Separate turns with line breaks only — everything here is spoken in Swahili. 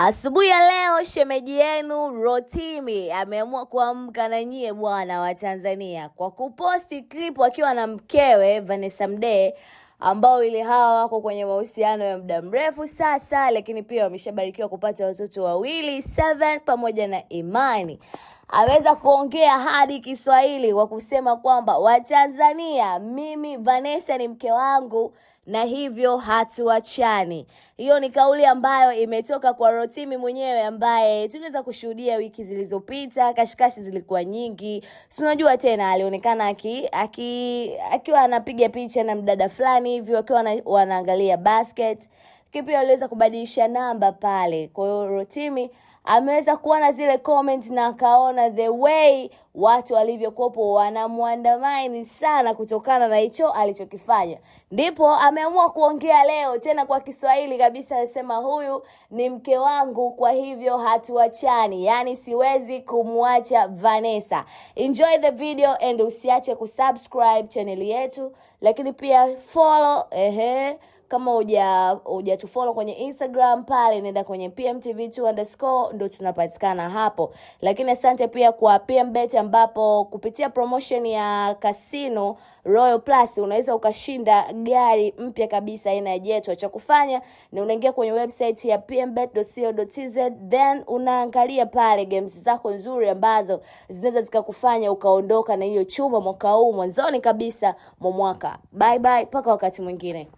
Asubuhi ya leo shemeji yenu Rotimi ameamua kuamka na nyie bwana wa Tanzania kwa kuposti clip akiwa na mkewe Vanessa Mdee ambao ile hawa wako kwenye mahusiano ya muda mrefu sasa, lakini pia wameshabarikiwa kupata watoto wawili Seven pamoja na Imani aweza kuongea hadi Kiswahili kwa kusema kwamba Watanzania, mimi Vanessa ni mke wangu na hivyo hatuachani. Hiyo ni kauli ambayo imetoka kwa Rotimi mwenyewe ambaye tunaweza kushuhudia wiki zilizopita. Kashikashi zilikuwa nyingi, tunajua tena, alionekana aki, aki, akiwa anapiga picha na mdada fulani hivyo akiwa wanaangalia basket, kipi aliweza kubadilisha namba pale. Kwa hiyo Rotimi ameweza kuona zile comment na akaona the way watu walivyokuwepo wanamwandamaini sana kutokana na hicho alichokifanya, ndipo ameamua kuongea leo tena kwa Kiswahili kabisa. Anasema huyu ni mke wangu, kwa hivyo hatuachani, yaani siwezi kumwacha Vanessa. Enjoy the video and usiache kusubscribe chaneli yetu, lakini pia follow ehe kama uja hujatufollow kwenye Instagram pale, nenda kwenye PMTV2 underscore ndo tunapatikana hapo. Lakini asante pia kwa PMBet ambapo kupitia promotion ya Casino Royal Plus unaweza ukashinda gari mpya kabisa aina ya jeto Cha kufanya ni unaingia kwenye website ya pmbet.co.tz then unaangalia pale games zako nzuri ambazo zinaweza zikakufanya ukaondoka na hiyo chuma mwaka huu mwanzoni kabisa mwa mwaka. Bye bye, mpaka wakati mwingine.